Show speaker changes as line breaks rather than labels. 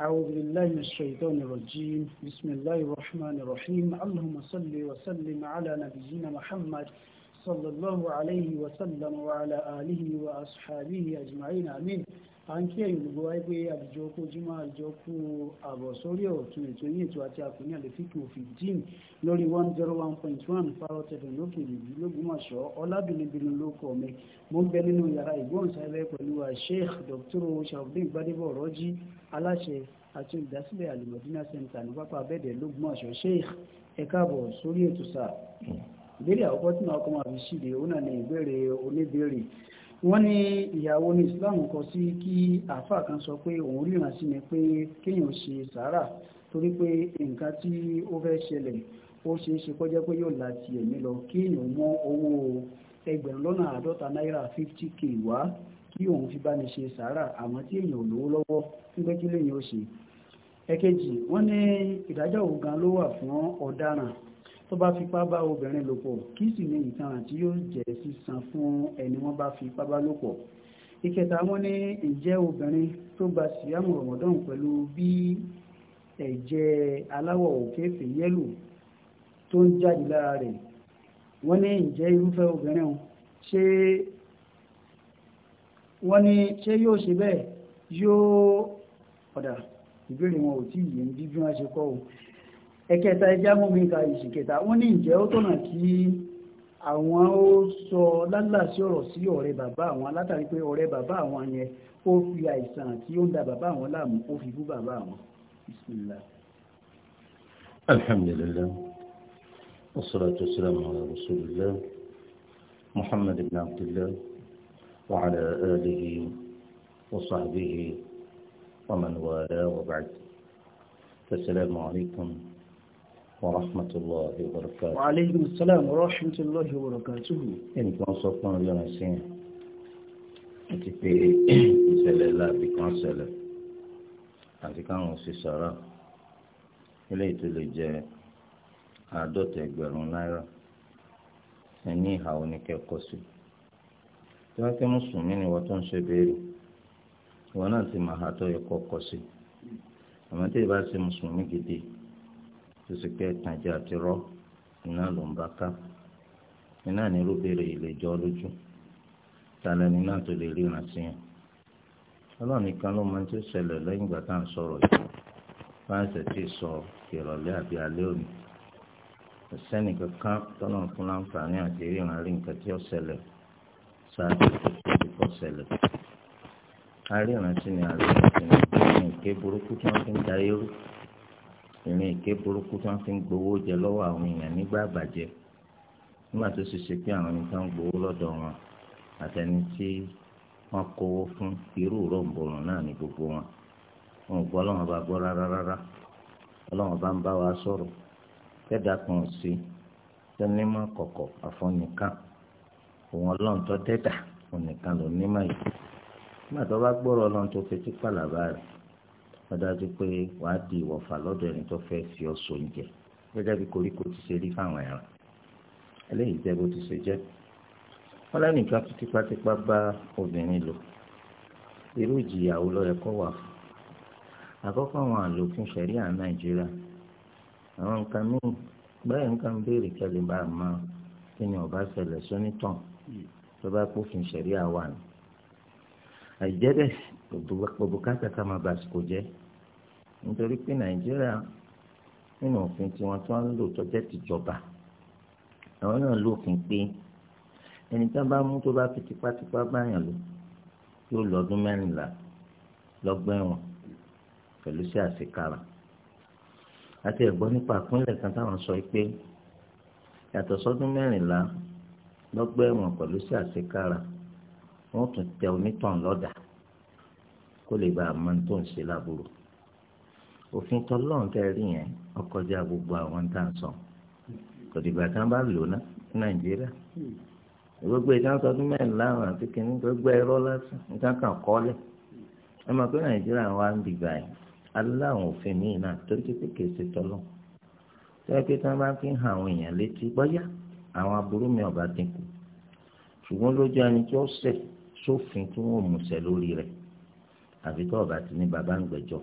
أعوذ بالله من الشيطان الرجيم بسم الله الرحمن الرحيم اللهم صل وسلم على نبينا محمد صلى الله عليه وسلم وعلى آله وأصحابه أجمعين آمين a ń kí ẹ̀yin gbogbo wáyé pé àdìjọ kó jímọ̀ àdìjọ kú àbọ̀ sórí ọ̀tún ètò yìí ètò àti àkùnrin àlefíkì òfin dín lórí one zero one point one fáwọn tẹ̀dọ̀ lókè ìlú lógúnmọ̀ṣọ́ ọlábìnibìnrin ló kọ̀ mi mo ń bẹ nínú yàrá ìgbóhùnsáfẹ́ pẹ̀lú sheikh dr shabdin gbadebo ọ̀rọ̀jì aláṣẹ àti olùdásílẹ̀ alimọ̀dínà center ní pápá abẹ́dẹ̀ lógúnmọ̀ṣọ́ sheikh ẹ káàbọ̀ sórí ètò sáà ìbéèrè àkọ́kọ́ tí màá kọ́ máa fi ṣíde òun wọ́n ní ìyàwó ní islam kọ sí kí àáfà kan sọ pé òun ríran sí ni pé kéèyàn ṣe sàárà torí pé nǹkan tí ó fẹ́ ṣẹlẹ̀ ó ṣeé ṣe kọjá pé yóò la ti ẹ̀mí lọ kéèyàn mọ owó ẹgbẹ̀rún lọ́nà àádọ́ta náírà fifty k wá kí òun fi bá ní ṣe sàárà àmọ́ tí èèyàn lówó lọ́wọ́ nígbẹ́ kí lèèyàn ṣe. ẹ̀kejì wọ́n ní ìdájọ́ òun ló wà fún ọ̀daràn tó bá fipá bá obìnrin lò pọ̀ kí sì ní ìtanràn tí yóò jẹ́ sísan fún ẹni wọ́n bá fipá bá lò pọ̀ ìkẹta wọn ní ǹjẹ́ obìnrin tó gba síyàmù rọ̀mọ́dọ́n pẹ̀lú bí ẹ̀jẹ̀ aláwọ̀ òkèèfé yẹ́lò tó ń jáde lára rẹ̀ wọ́n ní ǹjẹ́ irúfẹ́ obìnrin ṣé wọ́n ní ṣé yóò ṣe bẹ́ẹ̀ yóò ọ̀dà ìbéèrè wọn ò tí ì yé bí bí wọ́n ṣe kọ́ o ẹ̀kẹta ẹjá mú mi ka ìṣìkẹta wọ́n ní ìjẹ́ ó tọ̀nà kí àwọn ó sọ lálàsí ọ̀rọ̀ sí ọ̀rẹ́ bàbá àwọn látàrí pé ọ̀rẹ́ bàbá àwọn yẹn ó fi àìsàn tí ó ń da bàbá àwọn láàmú ó fi bú bàbá àwọn
bismillah. alhamdulillah wassalatu wassalamu ala rasulillah muhammad ibn abdullah wa ala alihi wa sahbihi wa man wala wa ba'd. assalamu alaykum. ورحمة الله وبركاته
وعليكم السلام ورحمة الله وبركاته
إن كان صفنا اليوم سين àti pé ìṣẹ̀lẹ̀ láàbì kan ṣẹlẹ̀ àti káwọn sì sọ̀rọ̀ ilé tó lè jẹ́ àádọ́ta ẹgbẹ̀rún náírà ẹni ìhà oníkẹ́kọ̀ọ́ sí tí wọ́n tó sì pé ẹ̀tànjẹ àti iná ló ń bá ká iná ní rúbèrè ilé jọ lójú tàlẹ́ na náà tó lè rí ìrántí yẹn ọlọ́run nìkan ló máa ń tó ṣẹlẹ̀ lẹ́yìn ìgbà tá à ń sọ̀rọ̀ yìí bá ń sọ ìrọ̀lẹ́ àbí alẹ́ òní ẹsẹ́ni kankan tọ́nà fún láǹfààní àti nǹkan tí ó tó ti kọ́ ni da ìrìn èké burúkú tó ń fi ń gbowó jẹ lọ́wọ́ àwọn èèyàn nígbà àbàjẹ́ nígbà tó ṣe ṣe pé àwọn ẹni tó ń gbowó lọ́dọ̀ wọn àtẹni tí wọ́n kówó fún irú ròǹbòrùn náà ní gbogbo wọn wọn ò gbọ́ ọlọ́run bá gbọ́ rárá rárá ọlọ́run bá ń bá wa sọ̀rọ̀ kẹ́dà kan sí tó nímọ̀ kọ̀kọ̀ àfọ̀nìkan òun ọlọ́run tó dẹ́dà òun nìkan ló nímọ̀ yìí ọdájú pé wàá di ìwọ̀fà lọ́dọ̀ ẹni tó fẹ́ fi ọ́ sóúnjẹ gẹ́gẹ́ bí koríko ti ṣe rí fáwọn ẹran eléyìí jẹ́ bó ti ṣe jẹ́ wọ́n lẹ́nìkan fi tipátipá bá obìnrin lò irú ìjìyàwó ló yẹ kó wà fún àkọ́kọ́ àwọn àlòfin ṣẹ̀ríà nàìjíríà àwọn nǹkan míì báyìí nǹkan béèrè kẹlẹ́ bá a máa kí ni ọba ṣẹlẹ̀ sónítàn tó bá kófin ṣẹ̀ríà wà ní àìjẹ́ bẹ́ẹ̀ òbúkátà ká máa bàsìkò jẹ́ nítorí pé nàìjíríà nínú òfin tí wọ́n tí wọ́n ń lò tọ́jẹ́ tìjọba àwọn náà lófin pé ẹni tí wọ́n bá mú tó bá fi tipátipá báyàn lò yóò lọ́dún mẹ́rìnlá lọ́gbọ́n ẹ̀wọ̀n pẹ̀lú sí àṣekára àti ẹ̀gbọ́n nípa àpínlẹ̀ kan táwọn sọ pé yàtọ̀ sọ́dún mẹ́rìnlá lọ́gbọ́n ẹ̀wọ̀n pẹ̀lú sí àṣekára. wọ́n tún tẹ onítàn lọ́dà kó lè bá a tó ń ṣe láburú òfin tọlọ́run tẹ́ yẹn ọkọjá gbogbo àwọn tá à sọ kò dìgbà bá lò ná ní nàìjíríà gbogbo ìdánsọ ọdún mẹ́rin àti kìnní gbogbo ẹ̀rọ lásán nǹkan kọ́lẹ̀ ẹ pé nàìjíríà wa ń yìí aláwọn òfin míì náà tó ti pé kèsì pé bá sófin tí wọ́n mú ṣẹ lórí rẹ̀ àfi tó ọba ti ní baba ń gbẹ́jọ́